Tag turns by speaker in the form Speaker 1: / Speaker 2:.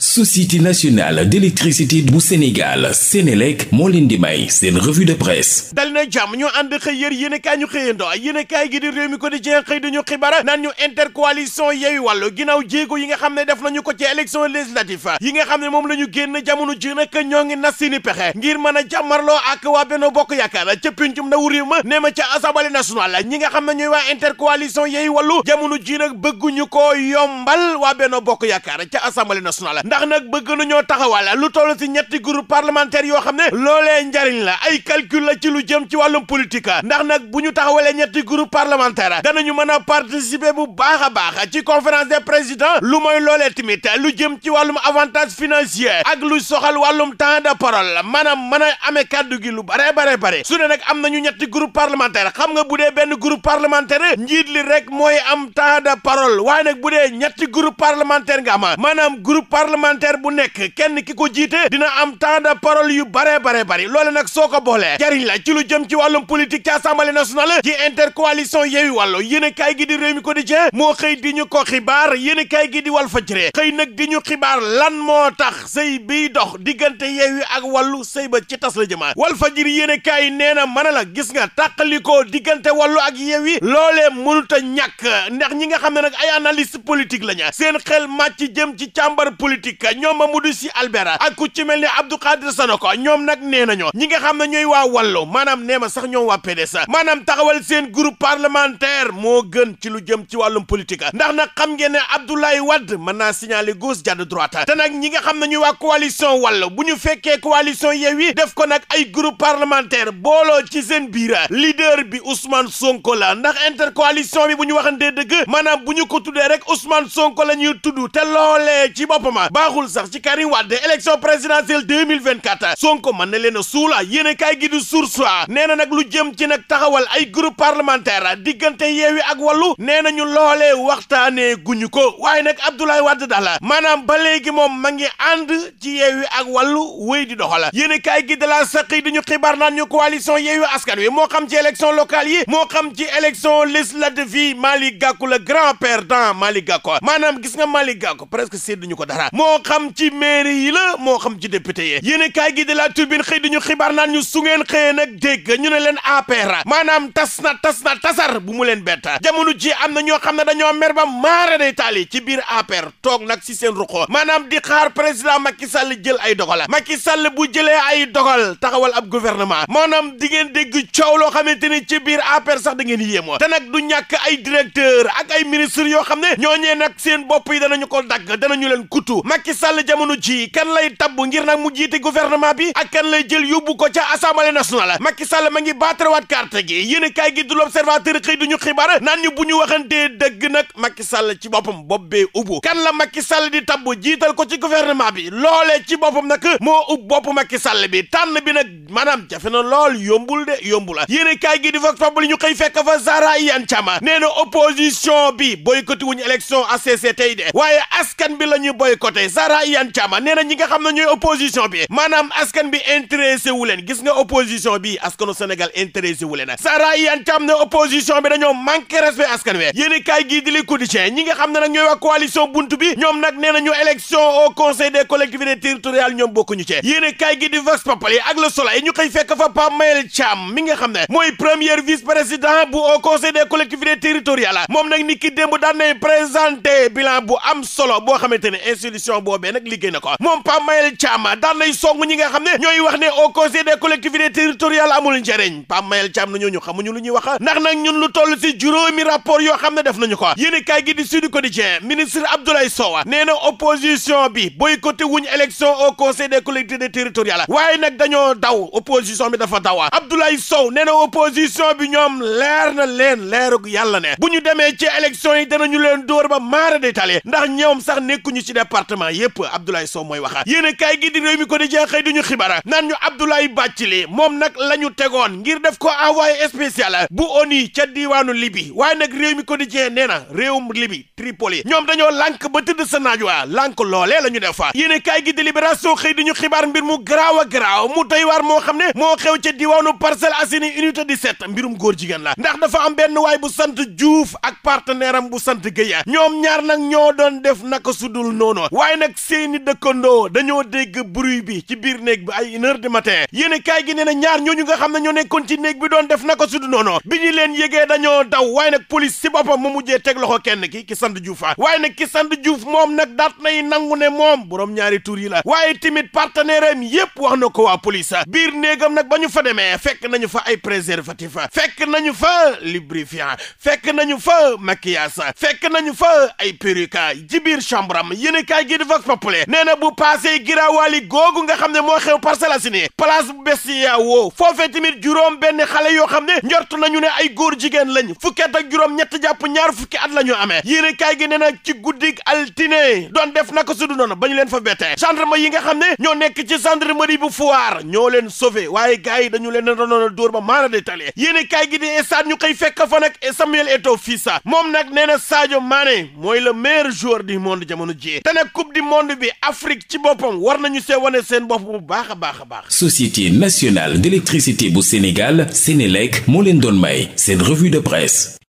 Speaker 1: société nationale d'électricité bu Sénégal Sénélec moo leen di may seen revue de presse dali na jàmm ñu ànd xëy yér yéen i kaay ñu xëyando yéen i kaay gi di réew mi ko di jeex xëy dañu xibara naan ñu intercoalition Yewwi Wàllu ginnaaw jéego yi nga xam ne def nañu ko ci élection législative yi nga xam ne moom la ñu génn jamono ji nag ñoo ngi nas seeni pexe ngir mën a jàmmarloo ak waa Benno Bokk Yaakaar ca pincum ndaw réew ma ne ma ca Assemblée nationale ñi nga xam ne ñooy waa intercoalition Yewwi Wàllu jamono ji nag bëgguñu ko yombal waa Benno Bokk Yaakaar ca Assemblée nationale ndax nag bëgg nañoo taxawal lu toll si ñetti groupe parlementaire yoo xam ne loolee njariñ la ay calcul la ci lu jëm ci wàllum politique ndax nag bu ñu taxawalee ñetti groupe parlementaire ñu mën a participer bu baax a baax ci conférence des présidents lu mooy loolee tamit lu jëm ci wàllum avantage financier ak lu soxal wàllum temps de parole maanaam mën a amee kàddu gi lu bare bare bare su ne nag am nañu ñetti groupe parlementaire xam nga bu dee benn groupe parlementaire njiit li rek mooy am temps de parole waaye dee ñetti groupe parlementaire nga am maanaam groupe parlementaire parlementaire bu nekk kenn ki ko jiite dina am temps de parole yu bare bare bari loole nag soo ko boolee jariñ ci lu jëm ci wàllum politique ci assemblée nationale ci intercoalition yeewi wàllu yéen kaay gi di réew mi quotidien moo xëy di ñu ko xibaar yéen kaay gi di wal fajree xëy nag di ñu xibaar lan moo tax sëy biy dox diggante yeewi ak wallu sëy ba ci tas la jëmaa wal fajri yéen kaay yi nee na mën la gis nga tàqalikoo diggante wàllu ak yeewi loolee mënut a ñàkk ndax ñi nga xam ne nag ay analist politique la ña seen xel màcc jëm ci càmbar politique politique ñoom Mamadou Sy Albert ak ku ci mel ni Abdou Khadre Sanoko ñoom nag nee nañu ñi nga xam ne ñooy waa wàllu maanaam nee ma sax ñoom waa PDS maanaam taxawal seen groupe parlementaire moo gën ci lu jëm ci wàllum politique ndax na xam ngeen ne Abdoulaye Wade mën naa signaler gauche jàdd droite te nag ñi nga xam na ñuy waa coalition wàllu bu ñu fekkee coalition Yewwi def ko nag ay groupe parlementaire booloo ci seen biir leader bi Ousmane Sonko la ndax intercoalition bi bu ñu waxantee bu ñu ko tuddee rek Ousmane Sonko la ñuy tudd te loolee ci boppam baaxul sax ci Karim Wade élection présidentielle 2024 Sonko mën na leen a suula yéen kaay gi di Source A nee na nag lu jëm ci nag taxawal ay groupe parlementaire diggante Yewwi ak Wallu nee na ñu loolee waxtaanee guñu ko waaye nag Abdoulaye Wade daal maanaam ba léegi moom ma ngi ànd ci Yewwi ak Wallu wéy di doxal yéen kaay gi de la saqi di ñu xibaar naan ñu coalition Yewwi Askan Wi moo xam ci élection locale yi moo xam ci élection législative maali Malick Gakou le grand perdant Malick Gakou maanaam gis nga Malick Gakou presque sédduñu ko dara moo xam ci mairie yi la moo xam ci député yi yéen kaay gi de la turbine xëy di ñu xibaar naan ñu sungeen ngeen xëyee nag dégg ñu ne leen APR maanaam tas na tas na tasar bu mu leen bett jamono ji am na ñoo xam ne dañoo mer ba maara day taali ci biir APR toog nag si seen ruqoo maanaam di xaar président ki Sall jël ay dogal ki Sall bu jëlee ay dogal taxawal ab gouvernement maanaam di ngeen dégg coow loo xamante ni ci biir APR sax da ngeen yéemoo te nag du ñàkk ay directeur ak ay ministre yoo xam ne ñooñee nag seen bopp yi danañu ko dagg danañu leen kutu Macky Sall jamono ji kan lay tabb ngir nag mu jiite gouvernement bi ak kan lay jël yóbbu ko ca assemblée nationale Macky Sall ma ngi baatarawaat carte gi yéen kaay gi du l'observateur xëy duñu xibaar naan ñu bu ñu waxantee dëgg nag Macky Sall ci boppam bopp bee ubbu kan la Macky Sall di tabb jiital ko ci gouvernement bi loolee ci boppam nag moo ub bopp Macky Sall bi tànn bi nag maanaam jafe na lool yombul de yombul yéen kaay gi di vox populi ñu xëy fekk a Zahra Iyane Thiam nee na opposition bi boycotté wuñu élection ACC tey de waaye askan bi la ñu boycotté tey Zahra Iyane Thiam ñi nga xam ne ñooy opposition bi maanaam askan bi intéressé wu gis nga opposition bi askanu Sénégal intéressé wu leen Zahra Iyane Thiam ne opposition bi dañoo manqué respect askan wi yéen i kaay gii di li ñi nga xam ne nag ñooy waa coalition buntu bi ñoom nag nee ñu élection au conseil des collectivités territoriales ñoom bokkuñu ci ñu koy fekk fa Pape Mayel Thiam mi nga xam ne mooy premier vice président bu au conseil des collectivités territoriales moom nag ni ki démb gestion boobee nag liggéey na ko moom Pape Mayel Thiam daan nay song ñi xam ne ñooy wax ne au conseil des collectivités territoriales amul njëriñ Pape Mayel na ñooñu xamuñu lu ñuy wax ndax nag ñun lu toll si juróomi rapport yoo xam ne def nañu ko yéen kaay gi di Sud Quotidien ministre Abdoulaye Sow nee na opposition bi boycotté wuñ daw opposition bi dafa na opposition bi ñoom leer na leen leerug yàlla ne bu ñu demee ci élection yi danañu leen dóor ba maara de tali ndax ñoom sax maa yépp Abdoulaye Sow mooy waxaat yéen kaay gi di réew mi ko di jeexee du ñu xibara naan ñu Abdoulaye Bathily moom nag la ñu tegoon ngir def ko a envoyé spécial bu ONU ca diwaanu libi waaye nag réew mi quotidien nee na réewum Libye Tripoli ñoom dañoo lànk ba tëdd sa naaj waa lànk loolee la ñu def fa yéen kaay gi di libération xëy di ñu xibaar mbir mu garaaw a garaaw mu doy waar moo xam ne moo xew ca diiwaanu Parcelles Assainies unité 17 mbirum góor jigéen la ndax dafa am benn waay bu sant Diouf ak partenaire am bu sant Guèye ñoom ñaar nag ñoo doon def naka sudul noonu waaye nag seeni dëkkandoo dañoo dégg bruit bi ci biir néeg bi ay une heure du matin yéen kaay gi nee na ñaar ñooñu nga xam na ñoo nekkoon ci néeg bi doon def na ko su du noonu bi ñu leen yégee dañoo daw waaye nag police si boppam mu mujjee teg loxo kenn ki ki sant Diouf waaye nag ki sant Diouf moom nag daat nay nangu ne moom boroom ñaari tur yi la waaye tamit partenaire am yépp wax na ko waa police biir néegam nag ba ñu fa demee fekk nañu fa ay préservatif fekk nañu fa lubrifiant fekk nañu fa maquillage fekk nañu fa ay perruque ci biir chambre am yéen di Vox Populi nee na bu passé giraawaali googu nga xam ne moo xew Parcelles Assainies place bu bes yaa woo foofee tamit juróom benn xale yoo xam ne njort ñu ne ay góor jigéen lañ fukki at ak juróom ñett jàpp ñaar fukki at la ñu amee yéene kaay gi nee na ci guddik altine doon def naka su du noonu ba ñu leen fa bettee gendarme yi nga xam ne ñoo nekk ci gendarmerie bu Foire ñoo leen sauvé waaye gars yi dañu leen na doonoon dóor ba maana de tali yéene kaay gi di estaad ñu koy fekk fa nag Samuel Eto'o Fisa moom nag nee na Sadio Mané mooy le meilleur joueur du monde jamono ji coupe du monde bi Afrique ci boppam war nañu see wane seen bopp bu baax a baax a baax. société nationale d'électricité bu Sénégal Sénélec moo leen doon may seen revue de presse.